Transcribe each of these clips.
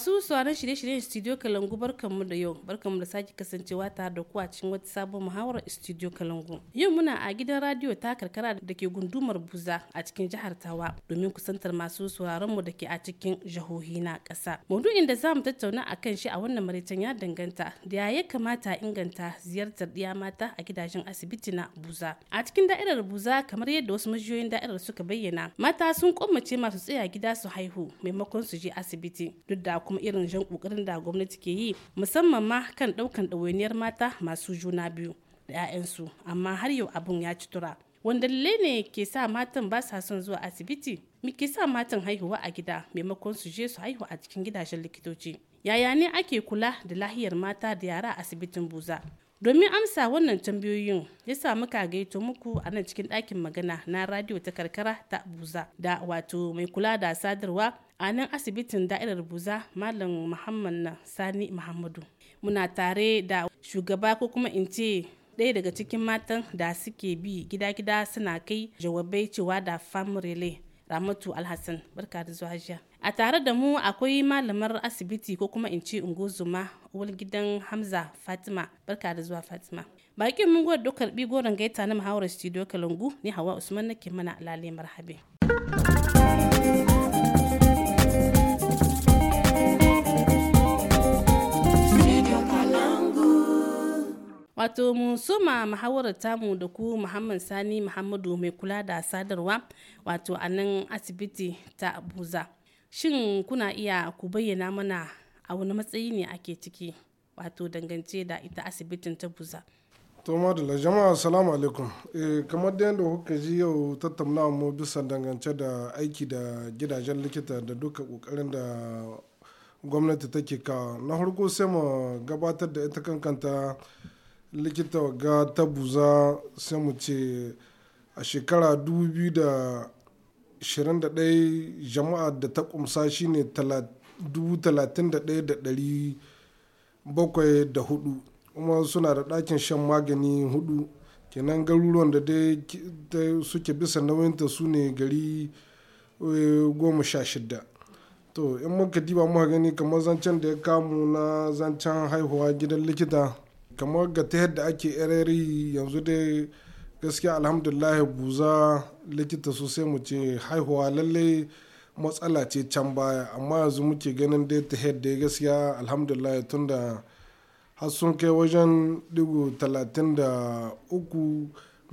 masu sauran shirye-shiryen studio kalangu barkanmu da yau barkanmu da sake kasancewa tare da kuwa cikin wata sabon muhawarar studio kalangu yau muna a gidan radio ta karkara da ke gundumar buza a cikin jihar tawa domin kusantar masu sauraron mu da ke a cikin jihohi na ƙasa maudu'in da zamu tattauna a kan shi a wannan maraicen ya danganta da ya kamata inganta ziyartar ɗiya mata a gidajen asibiti na buza a cikin da'irar buza kamar yadda wasu majiyoyin da'irar suka bayyana mata sun kwamace masu tsaya gida su haihu maimakon su je asibiti duk da kuma irin jan kokarin da gwamnati ke yi musamman ma kan daukan ɗawainiyar mata masu juna biyu da 'ya'yansu amma har yau abun ya ci tura wanda lalle ne ke sa matan ba sa son zuwa asibiti me ke sa matan haihuwa a gida maimakon su je su haihu a cikin gidajen likitoci yaya ne ake kula da lahiyar mata da yara a asibitin buza domin amsa wannan tambayoyin ya sa muka gaito muku a nan cikin ɗakin magana na radio ta karkara ta buza da wato mai kula da sadarwa a nan asibitin da'irar buza malam muhammad na sani muhammadu muna tare da shugaba ko kuma in ce ɗaya daga cikin matan da suke bi gida-gida suna kai jawabai cewa da fam relay ramatu alhassan barka da zuwa jiya a tare da mu akwai malamar asibiti ko kuma in ce ungozuma uwar gidan hamza fatima barka da zuwa fatima bakin mun gwada karbi goron gaita na muhawarar studio kalangu ni hawa usman nake mana alale marhabe wato mu muhawarar tamu da ku muhammad sani muhammadu mai kula da sadarwa wato a nan asibiti ta abuja shin kuna iya ku bayyana mana a wani matsayi ne ake ciki wato dangance da ita asibitin ta buza to madalla jama'a salamu alaikum eh kamar da yadda kuka ji yau tattauna mu bisa dangance da aiki da gidajen likita da duka kokarin da gwamnati take kawo na farko sai mu gabatar da ita kankanta likita ga ta buza sai mu ce a shekara 2021 jama'a da ta kumsa shine 31,704 kuma suna da ɗakin shan magani hudu kenan garuruwan da dai suke bisa nauyinta su ne gari eh, goma sha shida to in muka diba muka gani kamar zancen da ya kamu na zancen haihuwa gidan likita kamar ga ta yadda ake ereri yanzu dai gaskiya alhamdulillah buza likita sosai mu ce haihuwa lalle matsala ce can baya amma yanzu muke ganin dai ta yadda gaskiya alhamdulillah tunda har sun kai wajen digo talatin da uku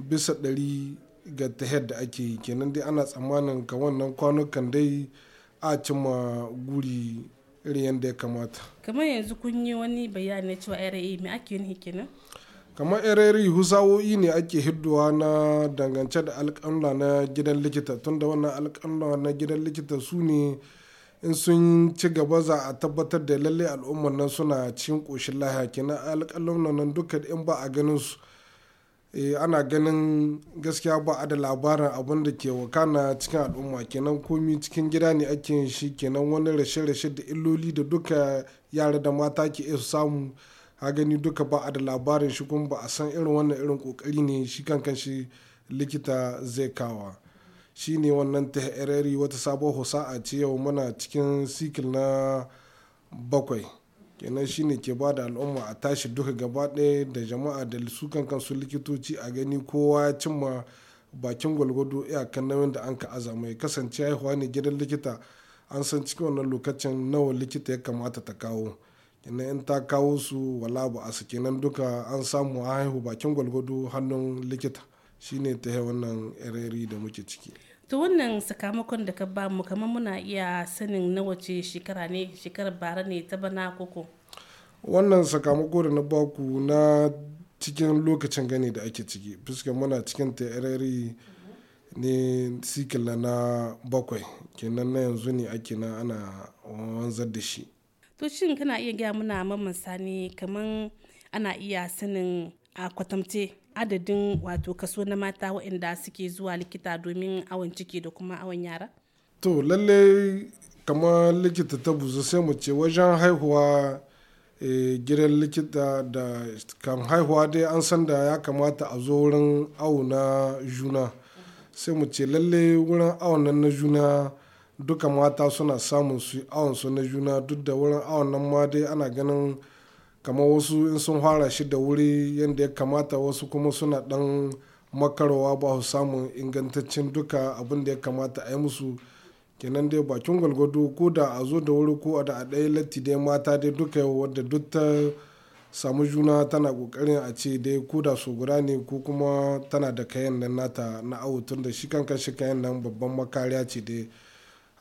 bisa 100 ga ta yadda ake kenan dai ana tsammanin ka wannan kwanukan dai a cimma guri iri yadda ya kamata kamar yanzu kun yi wani bayani cewa rai e, mai ake yin hikina? kamar ereri husawo'i ne ake hidduwa na dangance da alƙalla na gidan likita tunda wannan alƙalla na gidan likita su ne in sun ci gaba za a tabbatar da lalle al'ummar nan suna cin ƙoshin lahaki na alƙallan nan duka in ba a ganin su Eh, ana ganin gaskiya ba a da labarin abin da ke wakana cikin al'umma kenan komi cikin gida ne ake yin shi kenan wani rashe-rashe da illoli da duka yara da mata ke iya samu ha gani duka ba a da labarin shi kuma ba a san irin wannan irin kokari ne shi kankan shi likita zai kawa shi ne wannan ta wata sabon a ce yau mana cikin sikil na bakwai kenan shine ke ba da al'umma a tashi duka gaba ɗaya da jama'a da su kankan su likitoci a gani kowa ya cimma bakin gwalgwado iyakan nauyin da an ka aza mai kasance haihuwa ne gidan likita an san cikin wannan lokacin nawa likita ya kamata ta kawo kenan in ta kawo su wala ba a kenan duka an samu a haihu bakin gwalgwado hannun likita shine ta wannan ireri da muke ciki to wannan sakamakon da ka ba mu kamar muna iya sanin na wace shekara ne shekarar bara ne ta bana koko wannan sakamako da na baku na cikin lokacin gani da ake ciki fuskar muna cikin tarari ne sikila na bakwai kenan na yanzu ne ake na ana wanzar da shi to shin kana iya gaya muna mamansa sani kamar ana iya sanin a kwatamte adadin wato kaso na mata waɗanda suke zuwa likita domin awon ciki da kuma awon yara? To lalle kamar likita ta buzu sai mu ce wajen haihuwa e, likita da kan haihuwa dai an san da ya kamata a zo wurin awo na juna sai mu ce lalle wurin awon nan na juna duka mata suna samun su awon su na juna duk da wurin awon nan ma dai ana ganin kamar wasu in sun fara shi da wuri yadda ya kamata wasu kuma suna dan makarwa ba su samun ingantaccen duka abin da ya kamata a yi musu kenan dai bakin gwalgwado ko da a zo da wuri ko da a ɗaya latti dai mata dai duka wadda duk ta samu juna tana kokarin a ce dai ko da su guda ne ko kuma tana da kayan nan nata na awo tun da shi kankan shi kayan nan babban makariya ce dai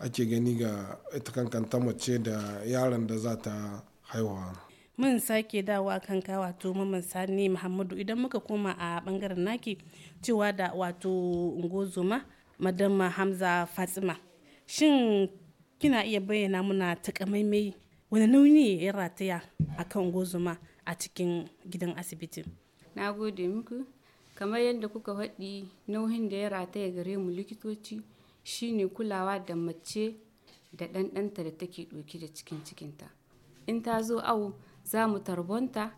ake gani ga ita kankan ta mace da yaran da za ta haihuwa. mun sake dawa kan ka wato mamman sani muhammadu idan muka koma a bangaren naki cewa da wato ungozoma madama hamza fatima shin kina iya bayyana muna takamaimai wani nauyi ya rataya a kan ungozoma a cikin gidan asibitin na gode muku kamar yadda kuka faɗi nauyin da ya rataya gare mu likitoci shine kulawa da mace da ɗanɗanta da take ɗauki da cikin cikinta in ta zo awo za mu tarbonta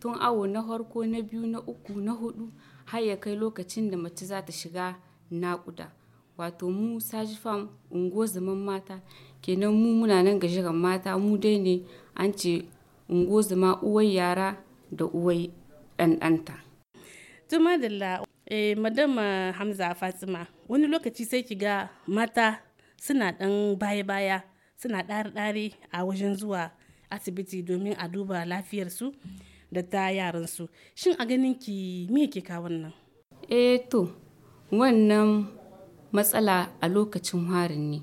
tun awo na farko na biyu na uku na hudu har ya kai lokacin da mace za ta shiga naƙuda wato mu saji fam ungo zaman mata kenan mu muna nan ga shigan mata mu dai ne an ce ungo zama uwai yara da uwai ɗanɗanta. tuma eh, eh, hamza fatima wani lokaci sai ki ga mata suna ɗan baya-baya suna ɗare-ɗare a wajen zuwa asibiti domin a duba lafiyarsu da ta yaransu shin a ganin ki ke ka wannan. eh to wannan matsala a lokacin harin ne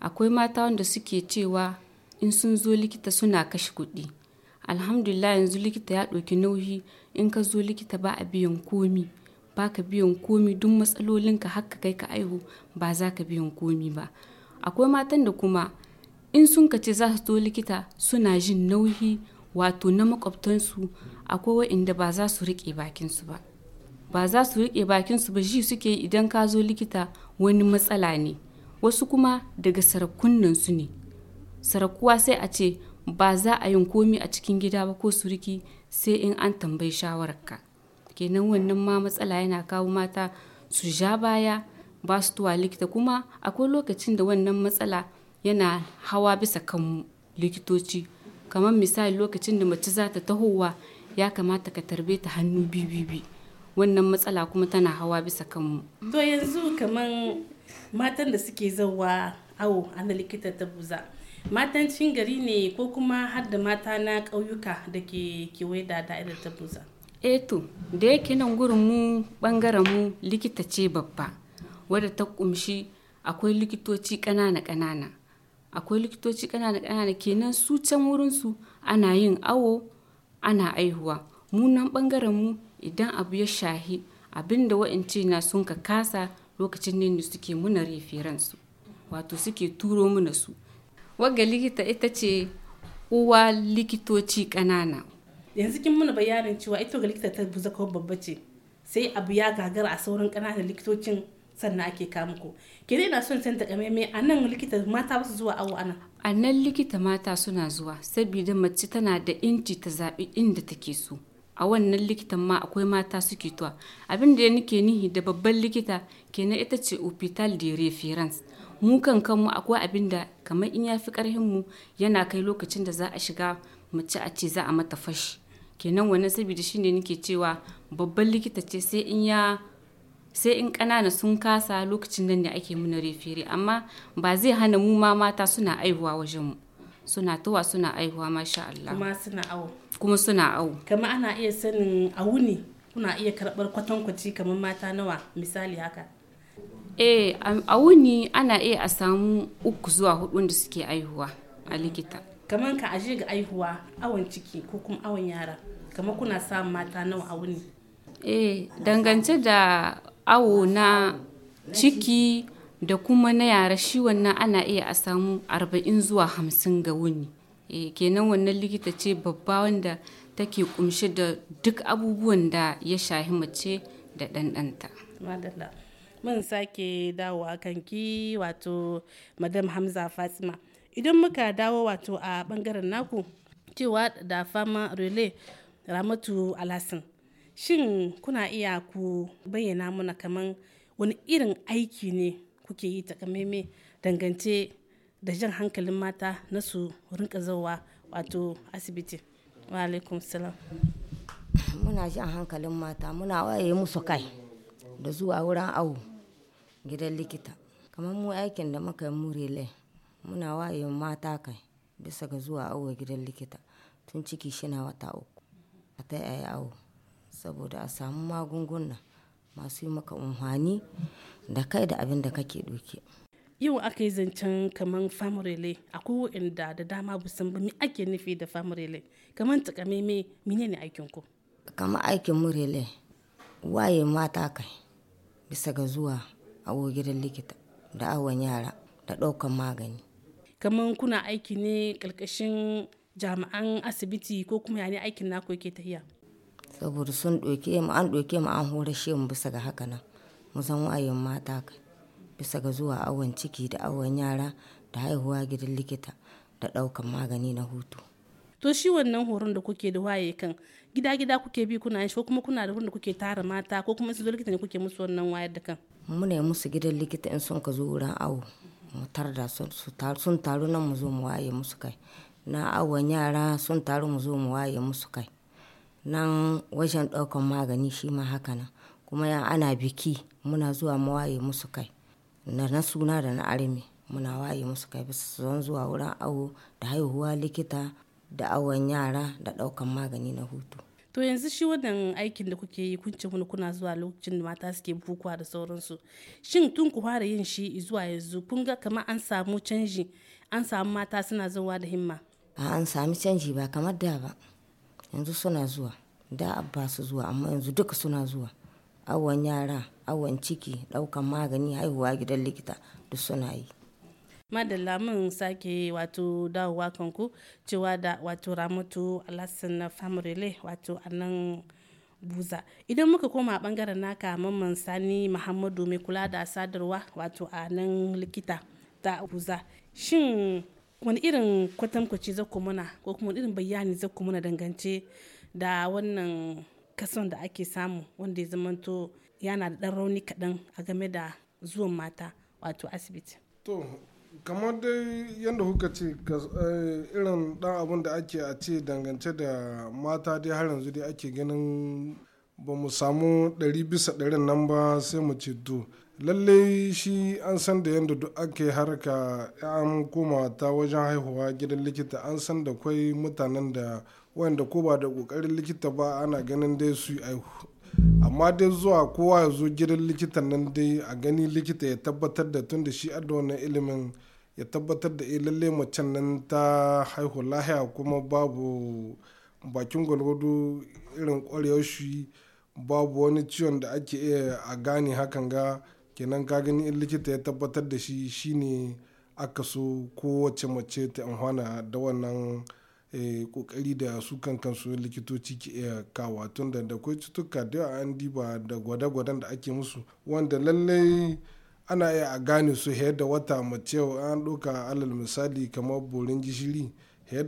akwai mata wanda suke cewa in sun zo likita suna kashe kuɗi alhamdulillah yanzu likita ya ɗauki nauyi in ka zo likita ba a biyan komi ba ka biyan komi duk matsalolinka ka kai ka aihu ba za ka biyan komi ba akwai matan da kuma in sun kace za su zo likita suna jin nauyi wato na makwabtansu akwai wa'inda ba za su riƙe bakinsu ba ba za su riƙe bakinsu ba ji suke idan ka zo likita wani matsala ne wasu kuma daga su ne sarakuwa sai a ce ba za a yin komi a cikin gida ba ko suriki sai in an tambayi shawararka kenan wannan ma matsala yana kawo mata su ja baya ba su tuwa likita kuma akwai lokacin da wannan matsala yana hawa bisa kan likitoci kamar misali lokacin da mace za ta tahowa ya kamata ka tarbe ta hannu bibibi wannan matsala kuma tana hawa bisa kanmu to yanzu kamar matan da suke zauwa awo ana likita ta buza matan cin gari ne ko kuma har da mata na ƙauyuka da ke kewaye da da'irar ta buza eto eh da yake nan gurin mu bangaren mu likita ce babba wadda ta kumshi akwai likitoci ƙanana ƙanana akwai likitoci ƙanana kanana kenan su can wurin su ana yin awo ana aihuwa munan ɓangaren bangaren mu idan abu ya shahi abinda wa'ance na sun ka kasa lokacin ne suke muna referen su wato suke turo muna su wagga likita ita ce uwa likitoci ƙanana yanzu kin muna bayanin cewa ita ga likita ta buza babba ce sai abu ya gagara a sauran kananan likitocin sannan ake kamu ko ke dai na son san a nan likita mata ba su zuwa awo ana a nan likita mata suna zuwa sabida mace tana da inci ta zaɓi inda take so a wannan likitan ma akwai mata suke tuwa abin da ya nike nihi da babban likita kenan ita ce hospital de reference mu kan kanmu akwai abin da kamar in ya fi karhin mu yana kai lokacin da za a shiga mace a ce za a mata fashi kenan wannan saboda shine nike cewa babban likita ce sai in ya sai in ƙanana sun kasa lokacin nan ne ake muna refere amma ba zai hana mu ma mata suna aihuwa wajen mu suna tuwa suna aihuwa masha Allah kuma suna awo kuma suna awo kamar ana iya sanin awu ne kuna iya karɓar kwatankwaci kamar mata nawa misali haka eh awu ne ana iya a samu uku zuwa hudu da suke aihuwa a likita kamar ka aje ga aihuwa awon ciki ko kuma awon yara kamar kuna samun mata nawa awu ne eh dangance da awo na ciki da kuma na yara shi wannan ana iya a samu 40 zuwa 50 ga wuni e, kenan wannan likita ce babba wanda take kumshe da duk abubuwan da ya shahi mace da ɗanɗanta. mun sake dawowa kanki wato madam hamza fatima idan muka dawo wato a ɓangaren naku cewa da fama relay ramatu alhassan shin kuna iya ku bayyana mana kaman wani irin aiki ne kuke yi takamaimai dangance da jan hankalin mata na su rinka zawa wato asibiti alaikum salam muna jan hankalin mata muna waye musu kai da zuwa wurin awo gidan likita kamar mu aikin da muka yi lai muna waye mata kai bisa ga zuwa awo gidan likita tun ciki shina wata uku a ta yi awo saboda a samu magunguna masu yi maka umhani da kai da abin da kake doke. yau aka yi zancen kamar famurele akwai waɗanda da dama busan ake nufi da famurele kamar kaman mine ne aikin ku kamar aikin murele waye mata kai bisa ga zuwa a gidan likita da awon yara da ɗaukan magani kamar kuna aiki ne ƙarƙashin jami'an asibiti ko kuma yane aikin naku yake tafiya saboda sun ɗauke mu an ɗauke mu an horashe mu bisa ga haka nan mu san wayan mata kai bisa ga zuwa awon ciki da awon yara da haihuwa gidan likita da ɗaukan magani na hutu to shi wannan horon da kuke da waye kan gida gida kuke bi kuna shi ko kuma kuna da wurin da kuke tara mata ko kuma su zo likita ne kuke musu wannan wayar da kan mu ne musu gidan likita in sun ka zo wurin awo mu tarda sun taru nan mu zo mu waye musu kai na awon yara sun taru mu zo mu waye musu kai nan wajen ɗaukan magani shi ma haka nan kuma yan ana biki muna zuwa mu musu kai na na suna da na arimi muna waye musu kai bisa zan zuwa wurin awo da haihuwa likita da awon yara da ɗaukan magani na hutu to yanzu shi wannan aikin da kuke yi kun ce kuna zuwa lokacin da mata suke bukuwa da sauransu shin tun ku fara yin shi zuwa yanzu kun ga kamar an samu canji an samu mata suna zuwa da himma an sami canji ba kamar da ba yanzu suna zuwa da ba su zuwa amma yanzu duka suna zuwa awon yara awon ciki daukan magani haihuwa gidan likita duk suna yi madalla mun sake wato dawowa kanku cewa da wato ramatu alassan famrile wato a nan buza idan muka koma bangaren naka mamman sani muhammadu mai kula da sadarwa wato a nan likita ta buza shin wani irin kwatankwaci za ku muna ko kuma irin bayani za ku muna dangance da wannan kason da ake samu wanda ya zamanto yana da ɗan rauni kaɗan a game da zuwan mata wato asibiti to kamar dai yadda kuka ce eh, irin ɗan abin da ake a ce dangance da mata dai har yanzu dai ake ganin ba mu samu ɗari bisa ɗarin nan ba sai mu ce to lallai shi an san da yadda duk ake harka an koma ta wajen haihuwa gidan likita an san da kwai mutanen da wanda ko ba da kokarin likita ba ana ganin dai su aihu amma dai zuwa kowa ya zo gidan likita nan dai a gani likita ya tabbatar da tun da shi da wannan ilimin ya tabbatar da eh lalle macen nan ta haihu lahiya kuma babu bakin gwalgwado irin kwarewar shi babu wani ciwon da ake iya a gane hakan ga kenan ka gani in likita ya tabbatar da shi shine aka so kowace mace ta amfana da wannan kokari eh, da su kan kansu likitoci ke iya kawa tun da da kwai cutuka da yawa an diba da gwada gwadan da ake musu wanda lallai ana iya a gane su da wata mace an ɗauka alal misali kamar borin gishiri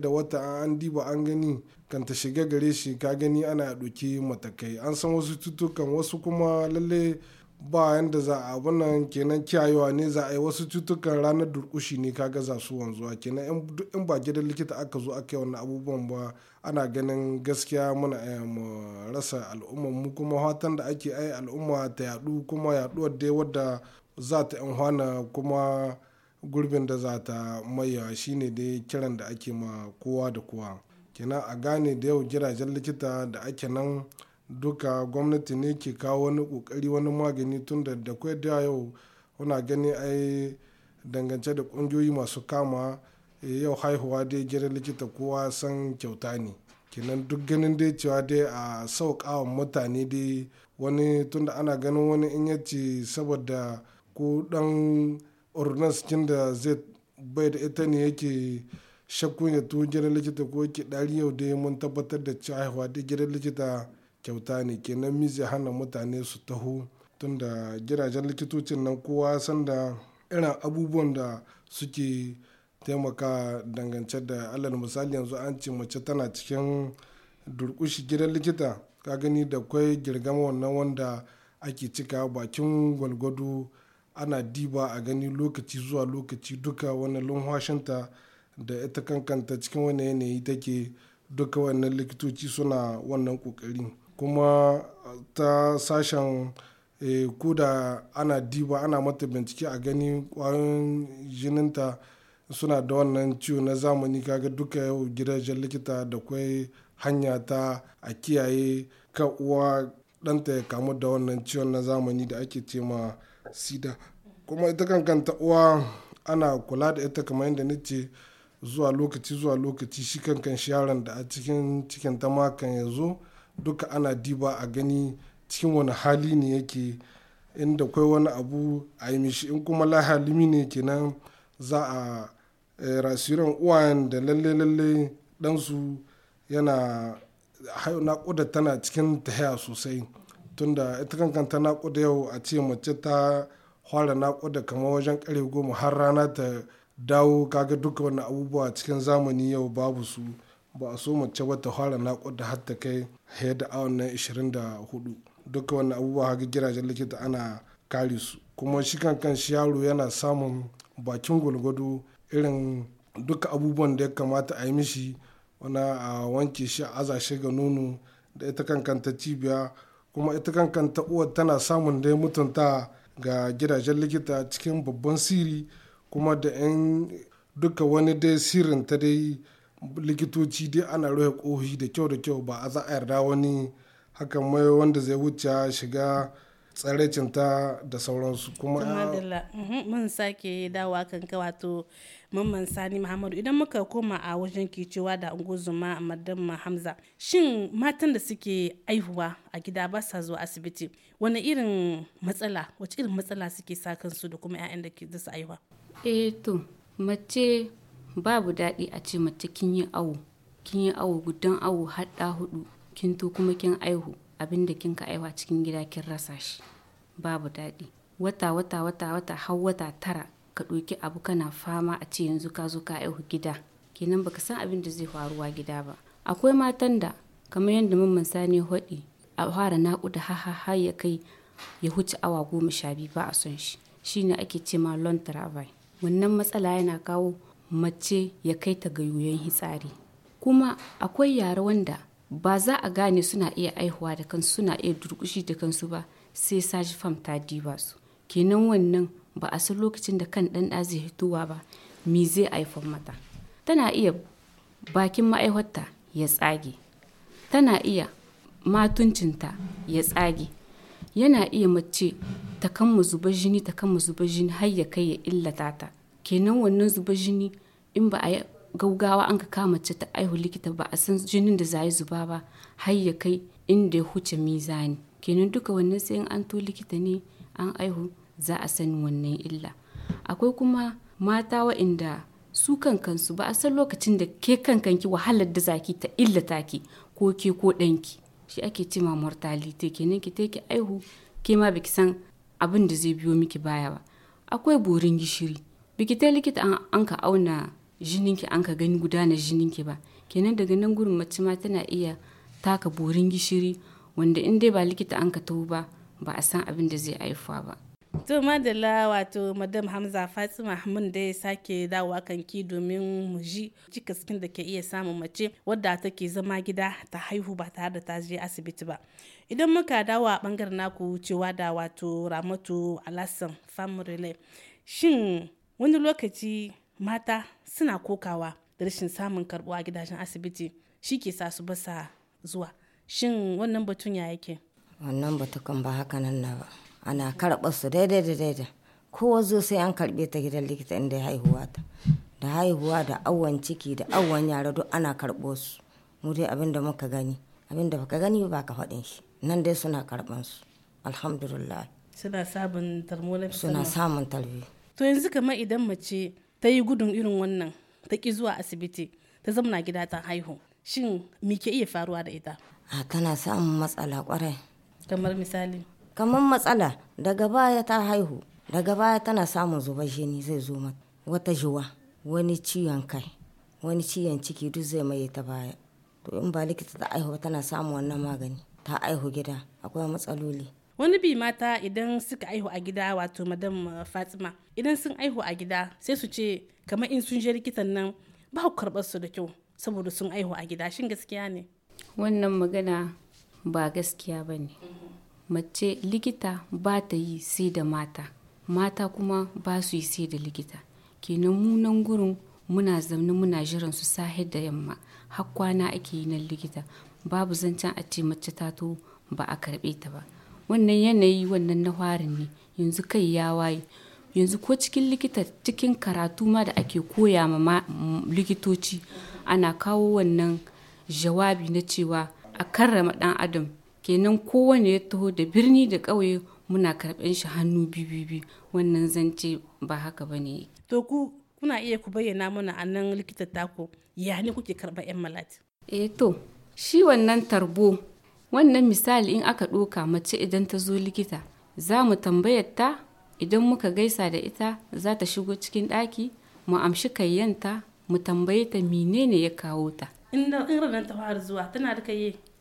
da wata an diba an gani kan ta shiga gare shi ka gani ana ɗauki matakai an san wasu cutukan wasu kuma lallai. ba yadda za a abunan kenan kiyayewa ne za a yi wasu cutukan ranar durkushi ne kaga za su wanzuwa kenan in ba gidan likita aka zo aka yi wannan abubuwan ba ana ganin gaskiya muna eh, rasa al'umma mu kuma fatan da ake ai al'umma ta yadu kuma yaduwar dai wadda za ta hana kuma gurbin da za ta shi shine dai kiran da ake ma kowa da kowa kenan a gane da yau gidajen likita da ake nan duka gwamnati ne ke kawo wani kokari wani magani tun da da da yau kuna gani ai dangance da kungiyoyi masu kama eh, yau haihuwa dai gidan likita kowa san kyauta ne kenan duk ganin dai cewa dai a sauƙawa mutane dai wani tunda ana ganin wani in yace saboda ko dan ordinance kin da zai bai da ita ne yake shakku ya tu gidan likita ko yake ɗari yau dai mun tabbatar da cewa haihuwa dai gidan likita kyauta ne kenan mi zai hana mutane su taho tunda gidajen likitocin nan kowa sanda irin abubuwan da suke taimaka dangance da alal misali yanzu an ce mace tana cikin durkushi gidan likita ka gani da kwai girgama wannan wanda ake cika bakin gwalgwado ana diba a gani lokaci zuwa lokaci duka wani lunhwashinta da ita kankanta cikin wani yanayi take duka wannan likitoci suna wannan kokari kuma ta sashen e, ko ana diba ana mata bincike a gani kwayoyin jininta suna da wannan ciwo na zamani kaga duka yau gidajen likita da kwai hanya ta a kiyaye ka uwa ɗanta ya kamu da wannan ciwon na zamani da ake ce ma sida kuma ita kankanta uwa ana kula da ita kamar yadda nace zuwa lokaci zuwa lokaci shi kankan shi yaron da a cikin cikin ta ma ya zo duka ana diba a gani cikin wani hali ne yake inda kwai wani abu a yi mishi in kuma lahalimi ne kenan za a eh, rasiran uwayen da lalle lalle ɗansu yana naƙuda tana cikin tahaya sosai tunda ita kankan ta naƙuda yau a ce mace ta fara naƙuda kamar wajen kare goma har rana ta dawo kaga duka wani abubuwa cikin zamani yau babu su ba a so mace ba ta fara nakuda har ta kai hayar da awon nan 24 duka wannan abubuwa haka gidajen likita ana kare su kuma shi kan kan shi yaro yana samun bakin gwalgwado irin duka abubuwan da ya kamata a yi mishi wani a wanke shi a aza shi ga nono da ita kan kanta cibiya kuma ita kan kanta uwar tana samun dai mutunta ga gidajen likita cikin babban siri kuma da 'yan duka wani dai sirrin ta dai likitoci dai ana rufe kohi da kyau da kyau ba a za a yarda wani hakan mai wanda zai wuce shiga tsaraicinta da sauransu kuma mhm, mun sake dawa kan wato mamman sani muhammadu idan muka koma a wajen kicewa da unguzuma madan hamza shin matan da suke aihuwa a gida ba sa zuwa asibiti wani irin matsala wace irin matsala suke sa kansu da kuma 'ya'yan da ke su aihuwa eh to mace babu daɗi a ce mace kin yi awo kin yi awo gudan awo hada hudu kin to kuma kin aihu abin da kin ka aiwa cikin gida kin rasa shi babu daɗi wata wata wata wata har wata tara ka ɗauki abu kana fama a ce yanzu ka zo ka aihu gida kenan baka san abin da zai faruwa gida ba akwai matan da kamar yadda mamman sani hoɗi a fara naƙuda ha ha ya kai ya huce awa goma sha biyu ba a son shi shine ake ce ma long travel wannan matsala yana kawo mace ya kai ta ga yoyon hitsari kuma akwai yara wanda ba za a gane suna iya aihuwa da kansu suna iya durkushi da kansu ba sai saji fam ta diba su kenan wannan ba a san lokacin da kan ɗan zai hitowa ba me zai aifa mata tana iya bakin ma'aihwarta ya tsage tana iya matuncinta ya tsage yana iya mace ta kan zuba jini ta kan zuba jini har ya kai ya illata ta kenan wannan zuba jini in ba a yi gaugawa an ka kama mace ta aihu likita ba a san jinin da za yi zuba ba har ya kai inda ya huce mizani kenan duka wannan sai an to likita ne an aihu za a sani wannan illa akwai kuma mata waɗanda su kankansu ba a san lokacin da ke kankanki wahalar da zaki ta illata ki ko ke ko ɗanki shi ake ce ma mortality kenan ki take aihu ke ma baki san abin da zai biyo miki baya ba akwai borin gishiri bikita likita an anka auna jininki an ka gani gudana jininki ba kenan daga nan gurin mace ma tana iya taka borin gishiri wanda in dai ba likita anka ka ba ba a san abin da zai haifa ba to madalla wato madam hamza fatima mun da ya sake dawowa kanki domin mu ji cikaskin da ke iya samun mace wadda take zama gida ta haihu ba tare da ta je asibiti ba idan muka dawo a bangaren naku cewa da wato ramatu alasan family shin wani lokaci mata suna kokawa da rashin samun karbo a gidajen asibiti shi ke sa su basa zuwa shin wannan batun ya yake wannan batukan ba haka nan na ba ana karɓar su daidai da daidai kowa zo sai an karɓe ta gidan likita inda ya haihuwa ta da haihuwa da awon ciki da awon yara duk ana karɓo su mu dai abin da muka gani abin da baka gani ba ka faɗin shi nan dai suna karɓan su alhamdulillah suna samun tarmo suna samun tarbiyya. to yanzu kamar idan mace ta yi gudun irin wannan ta ki zuwa asibiti ta zamana gida ta haihu shin me ke iya faruwa da ita a ah, tana samun matsala kwarai kamar misali kamar matsala daga baya ta haihu daga baya tana samun zubar jini zai zo mata wata jiwa wani ciwon kai wani ciwon ciki duk zai maye ta baya to in ba likita ta aihu tana samun wannan magani ta aihu gida akwai matsaloli wani bi mata idan suka aihu a gida wato madam uh, fatima idan sun aihu a gida sai su ce kamar in sun je likitan nan ba ku karɓar su da kyau saboda sun aihu a gida shin gaskiya ne wannan magana ba gaskiya ba ne mace likita ba ta yi sai da mata mata kuma ba su yi sai da likita kenan munan gurin muna zaune muna jiran su sahid da yamma har kwana ake yi na likita babu zancen a ce mace ta to ba a karɓe ta ba wannan yanayi wannan na harin ne yanzu kai ya waye yanzu ko cikin likita cikin karatu ma da ake koya ma mm, likitoci ana kawo wannan jawabi na cewa a karrama dan adam kenan kowane ya taho da birni da ƙauye muna karɓen shi hannu biyu wannan zance ba haka ba ne to ku kuna iya ku bayyana mana a nan likita tako ya ne kuke karɓar 'yan malati eh to shi wannan tarbo Wannan misali in aka ɗoka mace idan ta zo likita, za mu tambayar ta idan muka gaisa da ita za ta shigo cikin ɗaki, mu amshi kayyanta, mu tambaye ta menene ya kawo ta. rannan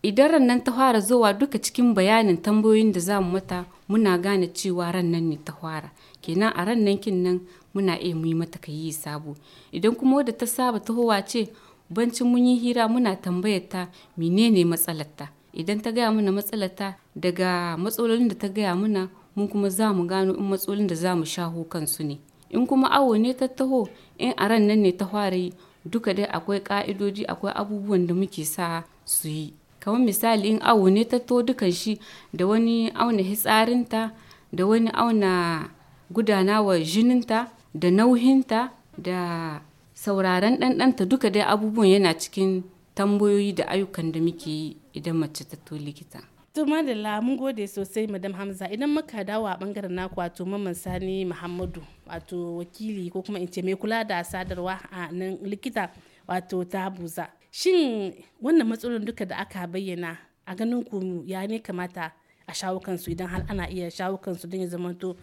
Idan rannan ta fara zuwa duka cikin bayanin tambayoyin da za mu mata muna gane cewa rannan ne ta fara. Kenan a rannan kin nan muna iya mu yi mata yi sabo. Idan kuma wadda ta saba tahowa ce bancin mun yi hira muna tambayar ta menene matsalar ta. idan ta gaya mana matsalata daga matsalolin da ta gaya mana mun kuma za mu gano in matsalolin da za mu shaho kansu ne in kuma awo ne ta taho in a ran nan ne ta fara yi duka dai akwai ka'idoji akwai abubuwan da muke sa su yi kamar misali in awo ne ta taho dukan shi da wani auna hitsarinta da wani auna gudanawar jininta da nauhinta da sauraron ɗanɗanta duka dai abubuwan yana cikin tambayoyi da ayyukan da muke yi idan mace ta to likita to madalla mun gode sosai madam hamza idan muka dawo a bangaren naku wato mamman sani muhammadu wato wakili ko kuma in ce mai kula da sadarwa a nan likita wato ta buza shin wannan matsalolin duka da aka bayyana a ganin ku ya ne kamata a shawo kansu idan har ana iya shawo kansu don ya zamanto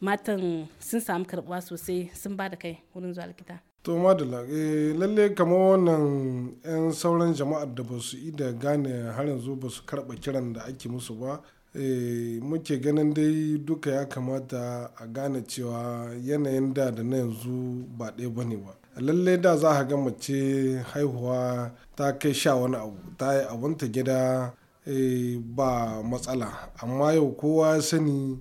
matan sun samu karbuwa sosai sun ba da kai wurin zuwa likita to madala eh, lalle kamar wannan 'yan sauran jama'ar da ba su ida gane har yanzu ba su karɓa kiran da ake musu ba eh, muke ganin dai duka ya kamata a gane cewa yanayin da da na yanzu ba ɗaya ba ne ba lallai da za a ga mace haihuwa ta kai sha wani abu ta yi ta gida eh, ba matsala amma yau kowa sani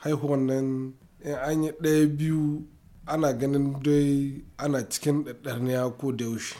haihuwan nan in an yi ɗaya biyu ana ganin dai ana cikin ɗaɗɗarniya ko da yaushe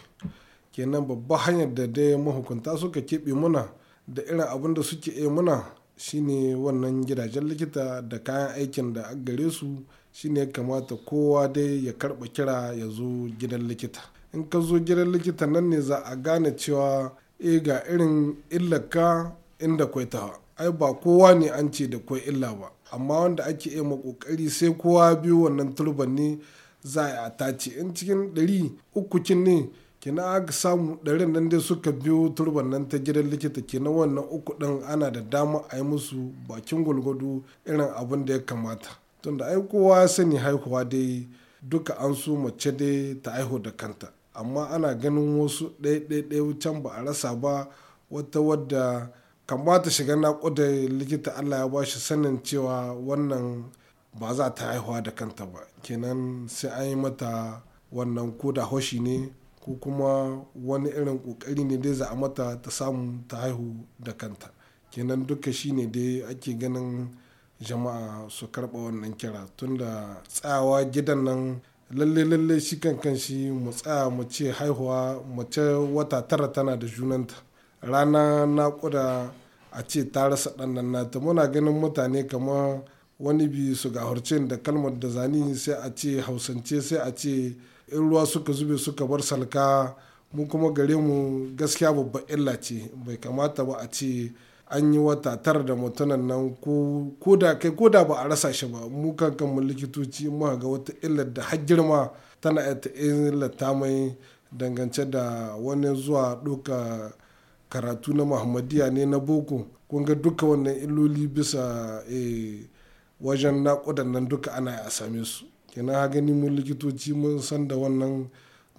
kenan babba hanyar da dai mahukunta suka keɓe muna da irin abin da suke iya muna shine wannan gidajen likita da kayan aikin da an gare su shine kamata kowa dai ya karɓa kira ya zo gidan likita in ka zo gidan likita nan ne za a gane cewa e ga irin illaka inda kwaitawa ai ba kowa ne an ce da kwai illa ba amma wanda ake iya makokari sai kowa biyu wannan turban ne za a tace in cikin ɗari uku kin ne kina aka samu ɗarin nan dai suka biyo turban nan ta gidan likita kina wannan uku ɗin ana da dama a yi musu bakin gwalgwado irin abin da ya kamata tunda ai kowa sani haihuwa dai duka an su mace dai ta haihu da kanta amma ana ganin wasu ɗaya ɗaya can ba a rasa ba wata wadda ta shiga naƙuda likita allah ya ba shi sanin cewa wannan ba za ta haihuwa da kanta ba kenan sai an yi mata wannan ko da hoshi ne ko kuma wani irin ƙoƙari ne dai za a mata ta samu ta haihu da kanta kenan duka shi ne dai ake ganin jama'a su karɓa wannan kira tunda tsayawa gidan nan lalle lalle shi kan kan shi mu tsaya mu ce haihuwa mace wata tara tana da junanta rana nakuda a ce ta rasa ɗannan nata muna ganin mutane kama wani bi su ga harcin da kalmar da zani sai a ce hausance sai a ce in ruwa suka zube suka bar salka mu kuma gare mu gaskiya babban illa ce bai kamata ba a ce an yi wata tara da mutunan nan ko da kai ko da ba a rasa shi ba mu kan mu likitoci mu ga wata illar da har girma tana ta ta mai dangance da wani zuwa doka. karatu na muhammadiya ne na boko kun ga duka wannan illoli bisa eh, wajen naƙudan nan duka ana a same su kenan ha gani mun likitoci mun san da wannan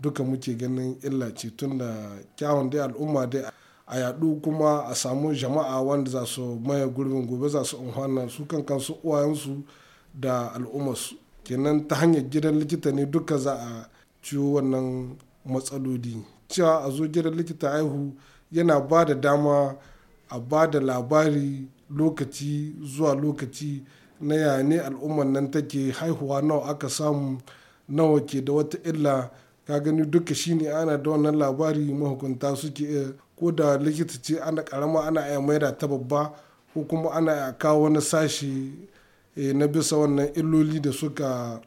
duka muke ganin illa ce tun da kyawun dai al'umma dai a yaɗu kuma a samu jama'a wanda za su maye gurbin gobe za su amfana su kan kansu uwayensu da al'ummarsu kenan ta hanyar gidan likita ne duka za a ciwo wannan matsaloli cewa a zo gidan likita aihu yana ba da dama a ba da labari lokaci zuwa lokaci na yane al'ummar nan take haihuwa nawa aka samu nawa ke da wata illa ka gani duka shi shine ana da wannan labari mahukunta suke eh, ko da likita ce ana karama ana iya maida ta babba ko kuma ana iya kawo wani sashi eh, na bisa wannan illoli da suka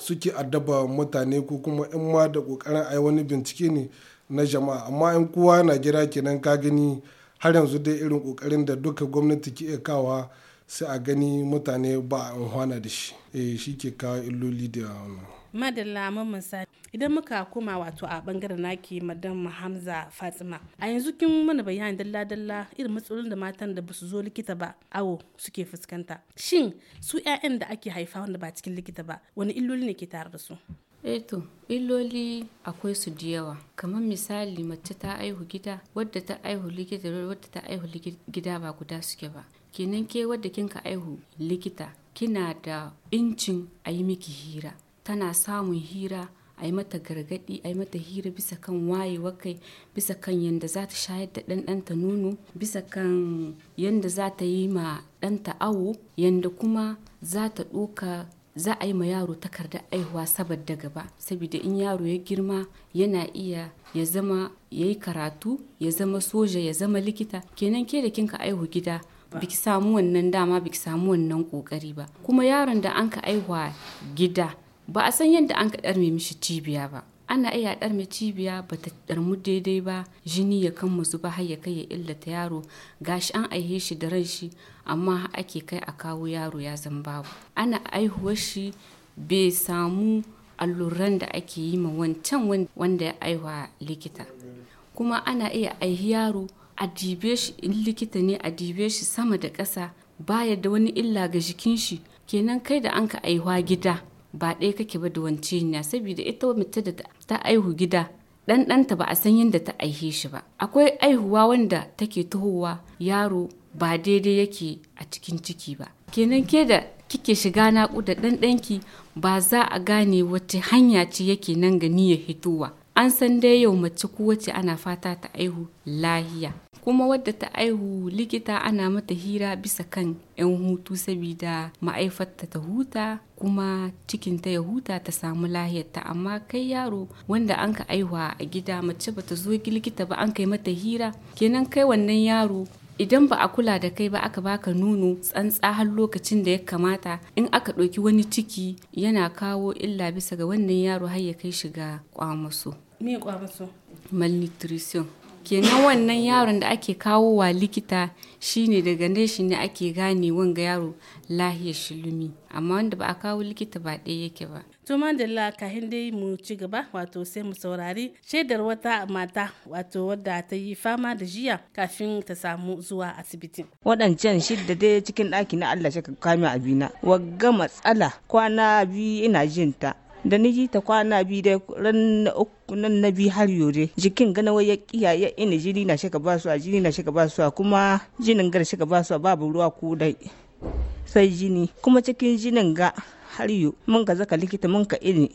suke addaba mutane ko kuma in ma da kokarin ai wani bincike ne na jama'a amma in kowa yana jira kenan ka gani har yanzu dai irin kokarin da duka gwamnati ke kawa sai a gani mutane ba a amfana da shi eh shi ke kawo illoli da yawa. madalla mamman sa idan muka koma wato a bangaren naki madam hamza fatima a yanzu kin mana bayani dalla dalla irin matsalolin da matan da basu zo likita ba awo suke fuskanta shin su 'ya'yan da ake haifa wanda ba cikin likita ba wani illoli ne ke tare da su eto eh illoli akwai su da yawa. kamar misali mace ta aihu gida, wadda ta aihu likita wadda ta aihu gida ba guda suke ba. Kenan ke wadda kinka aihu likita, kina da incin a yi miki hira. Tana samun hira, a yi mata gargaɗi, a yi mata hira bisa kan wayewar kai, bisa kan yadda za ta shayar da ɗanɗanta nono, bisa kan yadda za ta yi ma ɗanta awo, yadda kuma za ta ɗoka za a yi ma yaro takarda aihuwa da gaba saboda in yaro ya girma yana iya ya zama ya yi karatu ya zama soja ya zama likita kenan ke da kinka aihu gida biki samu wannan dama biki samu wannan kokari ba kuma yaron da anka aihuwa gida ba a san yadda an ka ɗarme mishi cibiya ba ana iya dar cibiya ba ta darmu daidai ba jini ya kan mu zuba har ya kai ya illata yaro gashi an aihe shi da ran shi amma ake kai a kawo yaro ya zan babu ana aihuwar shi bai samu alluran da ake yi ma wancan wanda ya aihuwa likita kuma ana iya aihi yaro a dibe shi in likita ne a dibe shi sama da ƙasa baya da wani illa ga jikin shi kenan kai da an ka aihuwa gida ba ɗaya kake ba da wanciniya saboda ita mace da ta aihu gida ɗan ɗanta ba a san yadda ta aihe shi ba akwai aihuwa wanda take tohowa yaro ba daidai yake a cikin ciki ba kenan ke da kike shiga da ɗan ɗanki ba za a gane wace hanya ce yake nan ga niyyar hitowa an san dai yau mace ko wace ana fata ta aihu lahiya kuma wadda ta aihu likita ana mata hira bisa kan 'yan hutu saboda ma'aifarta ta huta kuma cikin ta ya huta ta samu ta amma kai yaro wanda an ka aiwa a gida mace bata zo likita ba an kai mata hira kenan kai wannan yaro idan ba a kula da kai ba aka baka nono tsantsa har lokacin da ya kamata in aka ɗauki wani ciki yana kawo illa bisa ga wannan yaro har ya kai shiga kwamaso. Me kwamaso? Malnutrition. kenan wannan yaron da ake kawowa likita shine daga ne shi ne ake gane wanga yaro lahiyar shilumi amma wanda ba a kawo likita ba ɗaya yake ba to madalla ka dai mu ci gaba wato sai mu saurari shaidar wata mata wato wadda ta yi fama da jiya kafin ta samu zuwa asibitin waɗancan shidda dai cikin ɗaki na allah shi kame abina wagga matsala kwana biyu ina jin ta da ni yi ta kwana bi da ran na uku nan na bi har yore jikin gana wai ya kiya ya ina jini na shiga ba su a jini na shiga ba su a kuma jinin gar shiga ba su a babu ruwa ko dai sai jini kuma cikin jinin ga har yo mun ga zaka likita mun ka ini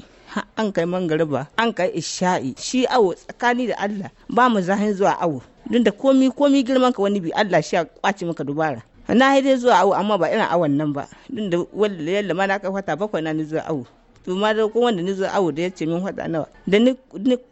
an kai garba an kai isha'i shi awo tsakani da Allah ba mu zahin zuwa awo dinda komi komi girman ka wani bi Allah shi ya kwace maka dubara na dai zuwa awo amma ba irin awon nan ba dinda da yalla ma na kai fata bakwai na ni zuwa awo to ma da kuma da ni zo awo da ya ce min hwata nawa da ni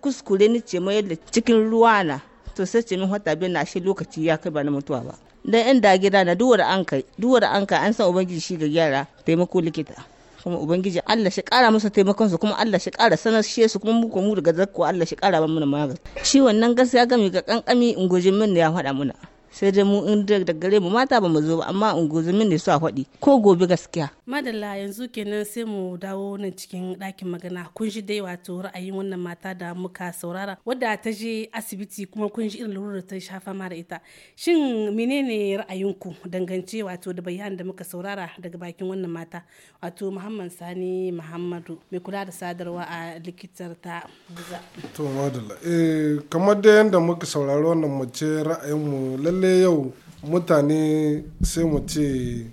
kuskure ni ce mai yadda cikin ruwa na to sai ce min hwata bin na shi lokaci ya kai ba na mutuwa ba dan in da gida na duwar an kai duwar an kai an san ubangiji shi ga yara taimako likita kuma ubangiji Allah shi kara musu taimakon su kuma Allah shi kara sanar shi su kuma mu ko mu daga zakko Allah shi kara ba mu magani ciwon nan gaskiya gami ga kankami ungojin min ya faɗa muna sai dai mu in da gare mu mata ba mu zo ba amma unguzumin ne su a faɗi ko gobe gaskiya madalla yanzu kenan sai mu dawo nan cikin ɗakin magana kun ji dai wato ra'ayin wannan mata da muka saurara wadda ta je asibiti kuma kun ji irin lura ta shafa mara da ita shin menene ra'ayinku dangance wato da bayanin da muka saurara daga bakin wannan mata wato muhammad sani muhammadu mai kula da sadarwa a likitar ta to madalla eh, kamar da yadda muka saurari wannan mace ra'ayin mu lalle lalle yau mutane sai mu ce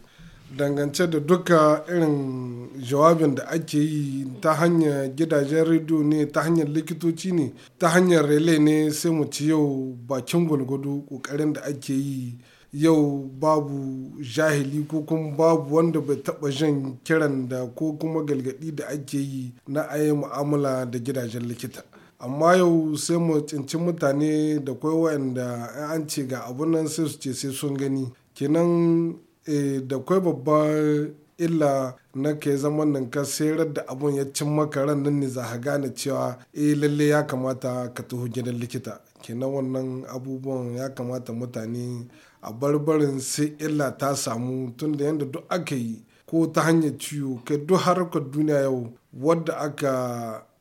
dangance da duka irin jawabin da ake yi ta hanyar gidajen rediyo ne ta hanyar likitoci ne ta hanyar rele ne sai mu ci yau bakin gwalgwado kokarin da ake yi yau babu jahili ko kuma babu wanda bai taɓa jan kiran da ko kuma galgadi da ake yi na ayi mu'amala da gidajen likita amma yau sai mu tsinci mutane da kwai wa'anda an ce ga abun nan sai su ce sai sun gani kenan eh, da kwai babbar illa na ke zaman nan ka sayar da abun ya cin maka ran nan ne za ka gane cewa eh lalle ya kamata ka taho gidan likita kenan wannan abubuwan ya kamata mutane a barbarin sai illa ta samu tun da yadda duk aka yi ko ta hanyar ciwo kai duk harkar duniya yau wadda aka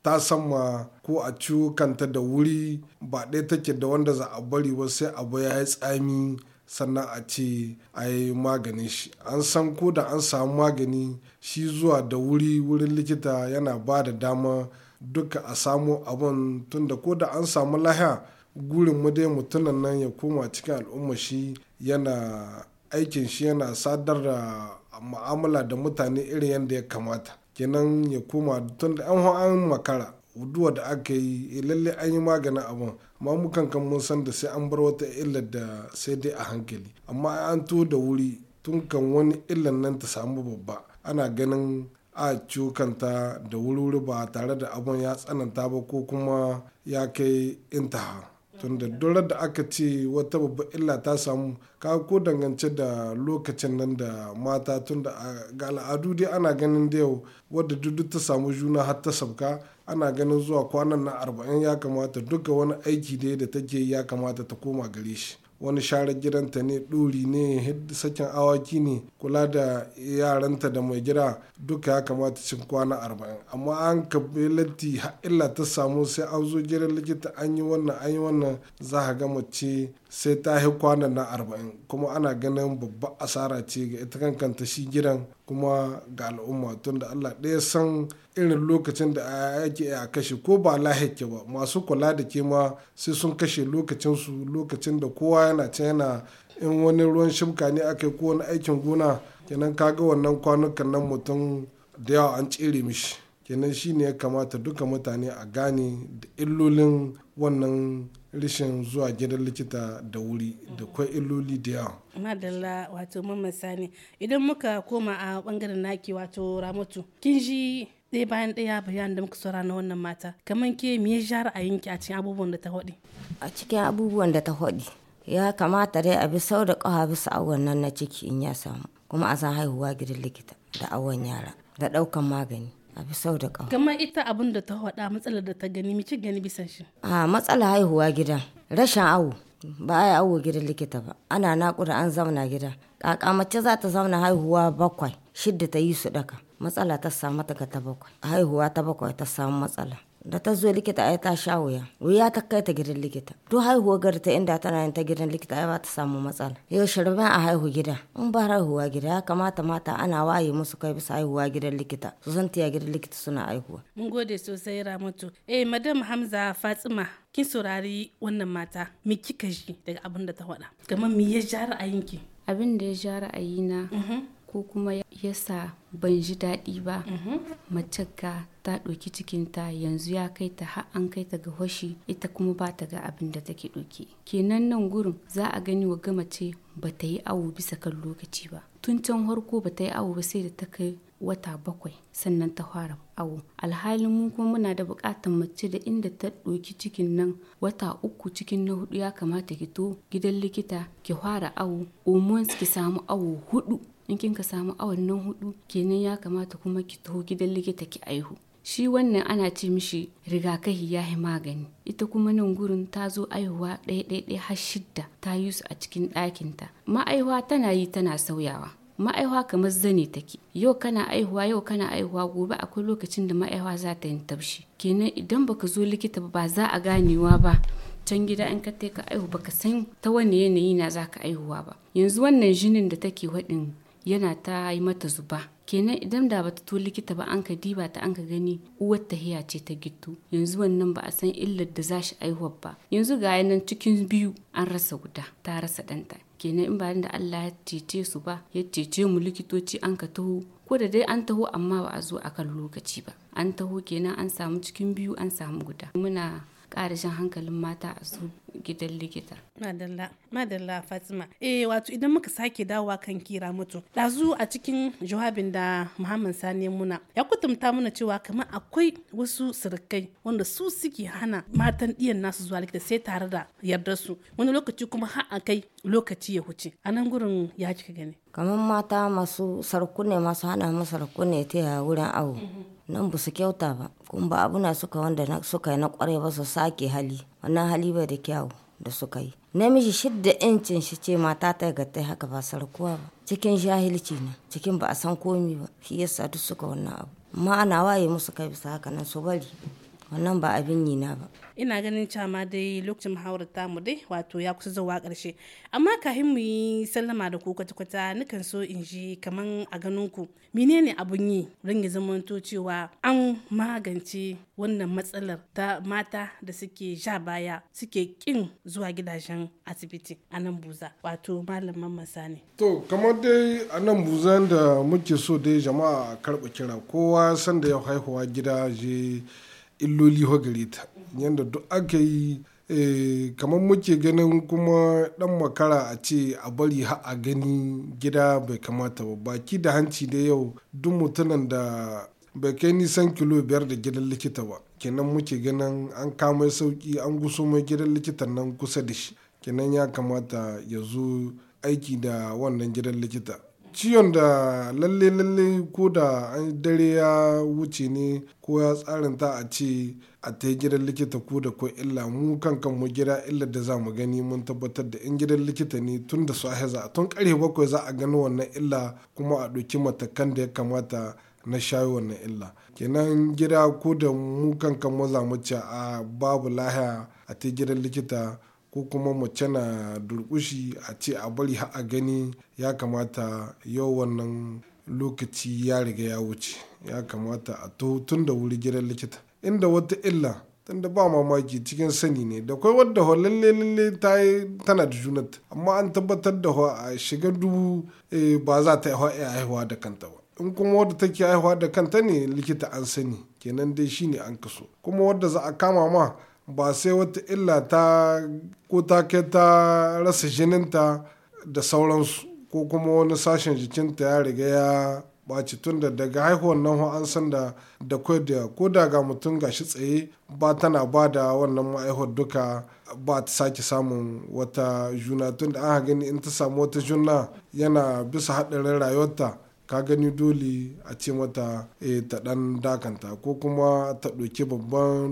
ta sama ko a ciwo kanta da wuri ba ɗaya take da wanda za a bari ba sai abu ya yi tsami sannan a ce a yi magani shi an san ko da an samu magani shi zuwa da wuri wurin likita yana ba da dama duka a samu abun tunda ko da an samu lahiya gurin mu dai mutunan nan ya koma cikin al'umma shi yana aikin shi yana sadar da mu'amala da mutane irin yadda ya kamata kenan ya koma tun da an an makara duwa da aka yi eh, lalle an yi maganin abin amma mukan kankan mun san da sai an bar wata illa da sai dai a hankali amma an to da wuri tun kan wani illan nan ta samu babba ana ganin a cukanta da wuri-wuri ba tare da abin ya tsananta ba ko kuma ya kai intaha. tunda durar da aka ce wata babba illa ta samu ka ko dangance da lokacin nan da mata tunda ga al'adu dai ana ganin da yau wadda duk ta samu juna har ta sabka ana ganin zuwa kwanan na arba'in ya kamata duka wani aiki dai da take ya kamata ta koma gare shi wani share gidanta ne ɗori ne sakin awaki ne kula da yaranta da mai gida duka ya kamata cin kwana arba'in amma an kabilanti illa ta samu sai an zo gidan likita an yi wannan an yi wannan za a ga mace sai ta yi kwanan na arba'in kuma ana ganin babba asara ce ga ita kankanta shi gidan kuma ga al'umma tunda allah ɗaya san irin lokacin da ake a kashe ko ba lahike ba masu kula da ke ma sai sun kashe lokacinsu lokacin da kowa yana can yana in wani ruwan shimka ne aka yi ko wani aikin gona kenan kaga wannan kwanukan nan mutum da yawa an tsere mishi kenan shi ne ya kamata duka mutane a gane da illolin wannan rashin zuwa gidan likita da wuri da kwai illoli da yawa. madalla wato mamman sani idan muka koma a bangaren naki wato ramatu kin ji ɗaya bayan ɗaya bayan da muka saura na wannan mata kamar ke me ya a yanki a cikin abubuwan da ta haɗi a cikin abubuwan da ta haɗi ya kamata dai a bi sau da ƙawa bisa awon nan na ciki in ya samu kuma a san haihuwa gidan likita da awon yara da ɗaukan magani a bi sau da ƙawa. kamar ita abin da ta faɗa matsalar da ta gani mace gani bisan shi. a matsala haihuwa gida rashin awo ba a yi awo gidan likita ba ana naƙuda an zauna gida ƙaƙa mace za ta zauna haihuwa bakwai shidda ta yi su ɗaka matsala ta samu ta ga ta bakwai haihuwa ta bakwai ta samu matsala da ta zo likita ai ta sha wuya wuya ta kai ta gidan likita duk haihuwa gari ta inda tana yin ta gidan likita ai ba ta samu matsala yau shirme a haihu gida in ba haihuwa gida ya kamata mata ana waye musu kai bisa haihuwa gidan likita su san tiya gidan likita suna haihuwa mun gode sosai ramatu eh madam hamza fatima kin saurari wannan mata me kika ji daga abin da ta faɗa kamar me ya ja ra'ayinki abin da ya ja ra'ayina mhm. ko kuma ya sa ban ji daɗi ba mhm. mace ga ta ɗauki cikinta yanzu ya kai ta har an kai ta ga washi ita kuma ba ta ga abin da take ɗauki kenan nan gurin za a gani wa ga mace ba ta yi awo bisa kan lokaci ba tun can harko ba ta yi awo ba sai da ta kai wata bakwai sannan ta fara awo alhalin mu kuma muna da bukatar mace da inda ta ɗauki cikin nan wata uku cikin na hudu ya kamata ki to gidan likita ki fara awo omons ki samu awo hudu in kin ka samu awannin hudu kenan ya kamata kuma ki taho gidan likita ki aihu shi wannan ana ce mishi rigakahi ya yi magani ita kuma nan gurin ta zo aihuwa ɗaya ɗaya ɗaya har shidda ta yi su a cikin ɗakinta ma'aihuwa tana yi tana sauyawa ma'aihuwa kamar zane take yau kana aihuwa yau kana aihuwa gobe akwai lokacin da ma'aihuwa za ta yi tabshi kenan idan baka zo likita ba za a ganewa ba can gida in ka ka aihu baka san ta wani yanayi na za ka aihuwa ba yanzu wannan jinin da take waɗin yana ta yi mata zuba kenan idan da bata to likita ba an ka diba ta an ka gani uwar tahiya ce ta gittu yanzu wannan ba a san illar da za shi aihuwar ba yanzu ga nan cikin biyu an rasa guda ta rasa ɗanta kenan in ba da Allah ya cece su ba ya cece mu likitoci an ka taho ko da dai an taho amma ba a zo a kan lokaci ba an taho kenan an samu cikin biyu an samu guda muna shan hankalin mata a su gidan likita. Madalla, madalla Fatima. Eh wato idan muka sake dawowa kan kira mutu. Ɗazu a cikin jawabin da Muhammad Sani muna ya kutumta muna cewa kamar akwai wasu surukai wanda su suke hana matan ɗiyan nasu zuwa likita sai tare da yarda su. Wani lokaci kuma har a kai lokaci ya huce. A nan gurin ya kika gani. Kamar mata masu sarkune masu hana masu sarkune taya ta wurin awo. Mhm. nan ba su kyauta ba kuma ba abu na suka wanda suka yi na kwarai ba su sake hali wannan hali bai da kyau da suka yi namiji shidda incin shi ce mata ta ga ta haka ba sarkuwa ba cikin jahilci ne cikin ba a san komi ba shi yasa duk suka wannan abu ma ana waye musu kai bisa haka nan su bari wannan ba abin yi na ba ina ganin cama dai lokacin muhawarar tamu dai wato ya kusa zuwa karshe amma kafin mu yi sallama da ku kwata-kwata nukan so in ji kaman a ganin ku menene abun yi don ya zamanto cewa an magance wannan matsalar ta mata da suke sha baya suke kin zuwa gidajen asibiti a nan buza wato malaman masa ne to kamar dai a nan buzan da muke so dai jama'a karɓa kira kowa sanda ya haihuwa gida je illoli gare ta yadda duk aka yi eh, kamar muke ganin kuma dan makara a ce a bari ha a gani gida bai kamata ba baki da hanci da yau duk mutunan da bai kai nisan kilo biyar da gidan likita ba kenan muke ganin an kama sauki an guso mai gidan likitan nan kusa da shi kenan ya kamata ya zo aiki da wannan gidan likita ciwon da lalle lalle ko da dare ya wuce ne ko ya tsarinta a ce a ta gidan likita ko da ko illa mu kan mu gida illar da za mu gani mun tabbatar da in gidan likita ne tun da su za tun karfe bakwai za a gano wannan illa kuma a ɗauki matakan da ya kamata na shayo wannan illa kenan gida ko da mu kan kan mu za mu ci a babu lahiya a ta gidan likita ko kuma mace na durƙushi a ce a bari har a gani ya kamata yau wannan lokaci ya riga ya wuce ya kamata a to tun da wuri gidan likita inda wata illa da ba mamaki cikin sani ne da kai wadda ho lalle lalle ta yi tana da junat amma an tabbatar da a shiga dubu eh, ba za ta haihuwa da kanta ba in kuma wadda take haihuwa da kanta ne likita an sani kenan dai shine an kaso kuma wadda za a kama ma ba sai wata illa ta ko ta kai ta rasa jininta da sauransu ko kuma wani sashen jikinta ya riga ya ɓaci tunda daga haihuwan nan an san da da da ko da ga mutum gashi tsaye ba tana ba da wannan ma'aihuwar duka ba ta sake samun wata juna tun da an gani in ta samu wata juna yana bisa haɗarin rayuwarta ka gani dole a ce mata e ta dan dakanta ko kuma ta ɗauki babban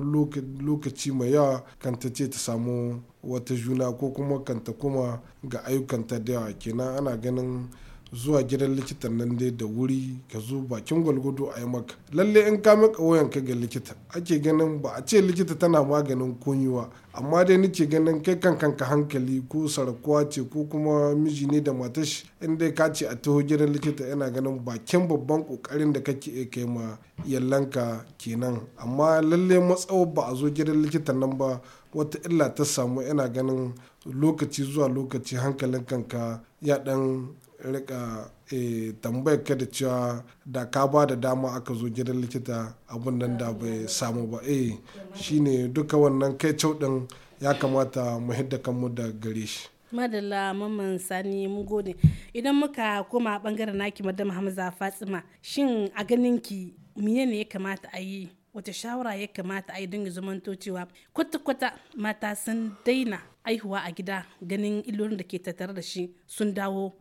lokaci mai yawa kan ta ce ta samu wata juna ko kuma kanta kuma ga ayyukanta da yawa kenan ana ganin zuwa gidan likitan nan dai da wuri ka zo bakin gwalgwado a yi maka lalle in ka maka wayan ka ga likita ake ganin ba a ce likita tana maganin kunyuwa amma dai nake ganin kai kan kanka hankali ko sarakuwa ce ko kuma miji ne da matar in dai ka ce a taho gidan likita yana ganin bakin babban kokarin da kake iya kai ma yallanka kenan amma lalle matsawo ba a zo gidan likita nan ba wata illa ta samu yana ganin lokaci zuwa lokaci hankalin kanka ya dan rika eh, tambayar ka da cewa da ka ba da dama aka zo gidan likita abun nan da bai samu ba eh shine duka wannan kai din ya kamata mu hidda kanmu da gare shi madalla mamman sani mu gode idan muka koma bangaren naki madama hamza fatima shin a ganin ki miye ne ya kamata a yi wata shawara ya kamata a yi don ya zamanto cewa kwata-kwata mata sun daina aihuwa a gida ganin illolin da ke tattare da shi sun dawo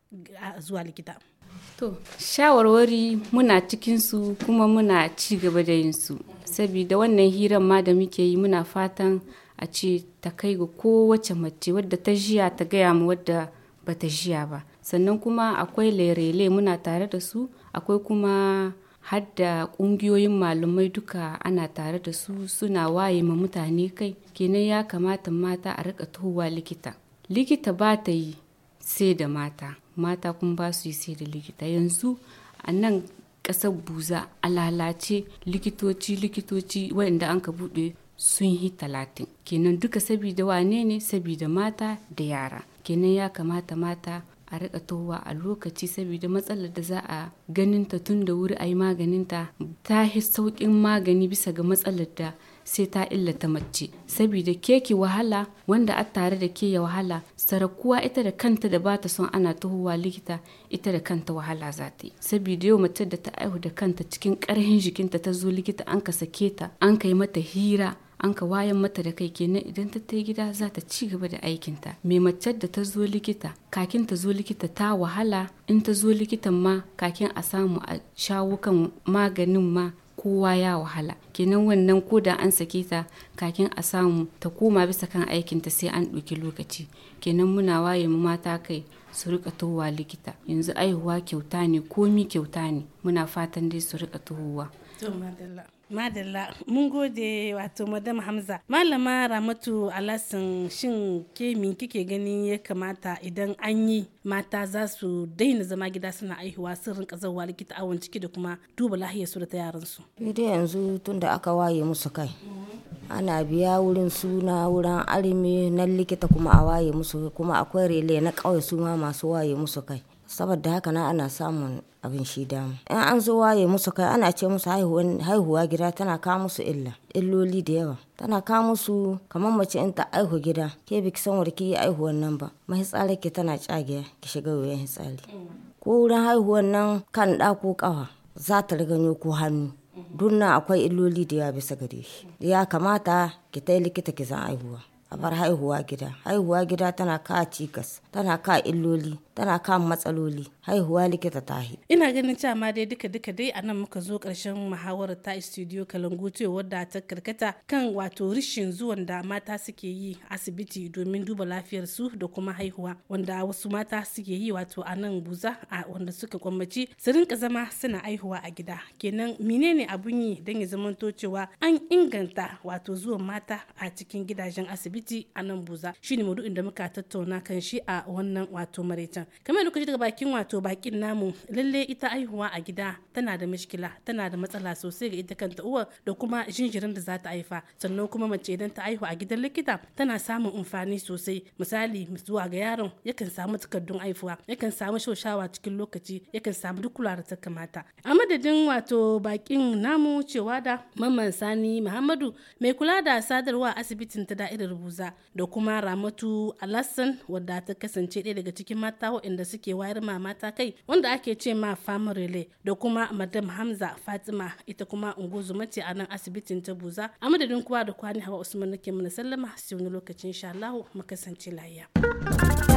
zuwa likita to shawarwari muna cikinsu kuma muna ci gaba da yinsu sabida wannan hiran ma da muke yi muna fatan a ce ta kai ga kowace mace wadda ta jiya ta gaya mu wadda ba ta jiya ba sannan kuma akwai lerele muna tare da su akwai kuma har da ƙungiyoyin malamai duka ana tare da su suna waye ma mutane kai kenan ya kamata mata a rika tohuwa likita likita ba ta yi sai da mata mata kun ba su yi sai da likita yanzu a nan ƙasar buza a lalace likitoci likitoci waɗanda an ka buɗe sun yi talatin kenan duka sabida wane ne sabida mata da yara kenan ya kamata mata a rika towa a lokaci saboda matsalar da za a ganin ta tun da wuri a yi maganin ta ta sauƙin magani bisa ga matsalar da sai ta illata mace saboda ke wahala wanda a tare da ke ya wahala sarakuwa ita da kanta da bata son ana tuhowa likita ita da kanta wahala za ta yi saboda yau mace da ta aihu da kanta cikin karhin jikinta ta zo likita an ka sake ta an kai mata hira an ka wayan mata da kai kenan idan ta ta gida za ta ci gaba da aikinta mai mace da ta zo likita kakin ta zo likita ta wahala in ta zo likitan ma kakin a samu a shawo kan maganin ma kowa ya wahala kenan wannan ko da an sake ta kakin a samu ta koma bisa kan aikinta sai an ɗauki lokaci kenan muna waye mu mata kai su rika towa likita yanzu aihuwa kyauta ne komi kyauta ne muna fatan dai su rika tohuwa Madalla, mun gode wato Madam Hamza. Malama Ramatu Alasan shin ke min kike ganin ya kamata idan an yi mata za su daina zama gida suna aihuwa sun rinka zauwa likita awon ciki da kuma duba lahiyar su da ta yaran su. yanzu tun da aka waye musu kai. Ana biya wurin suna wurin arimi na likita kuma a waye musu kuma akwai rele na kawai su ma masu waye musu kai. saboda haka na ana samun abin shi damu in an zo waye musu kai ana ce musu haihuwa gida tana kawo musu illa illoli da yawa tana kawo musu kamar mace in ta aihu gida ke biki san warki yi aihuwan nan ba mahitsarar ke tana cage ki shiga wuyan hitsari ko wurin haihuwan nan kan da ko kawa. za ta riganyo ko hannu dunna akwai illoli da yawa bisa gare shi ya kamata ki tai likita ki zan aihuwa a bar haihuwa gida haihuwa gida tana kawo cikas tana ka illoli tana kan matsaloli haihuwa likita tahi ina ganin cewa ma dai duka duka dai anan muka zo karshen muhawarar ta studio kalangote wadda ta karkata kan wato rishin zuwan da mata suke yi asibiti domin duba lafiyar su da kuma haihuwa wanda wasu mata suke yi wato anan nan buza a wanda suka kwammaci su rinka zama suna haihuwa a gida kenan menene abun yi don ya to cewa an inganta wato zuwan mata a cikin gidajen asibiti anan buza shine maudu'in da muka tattauna kan shi a wannan wato maraicen kamar yadda kuka daga bakin wato bakin namu lalle ita aihuwa a gida tana da mishkila tana da matsala sosai ga ita kanta uwar da kuma jinjirin da za ta haifa sannan kuma mace idan ta aihu a gidan likita tana samun amfani sosai misali zuwa ga yaron yakan samu takardun haihuwa yakan samu shoshawa cikin lokaci yakan samu duk kula da ta kamata a madadin wato bakin namu cewa da mamman sani muhammadu mai kula da sadarwa asibitin ta da'irar buza da kuma ramatu alassan wadda ta kasa. kasance ɗaya daga cikin mata waɗanda suke wayar ma mata kai wanda ake ce ma fama relay da kuma madam hamza fatima ita kuma unguzuma ce a nan asibitin ta buza a madadin kowa da kwani hawa usman nake mana sallama sai wani lokacin insha allahu mu kasance lafiya.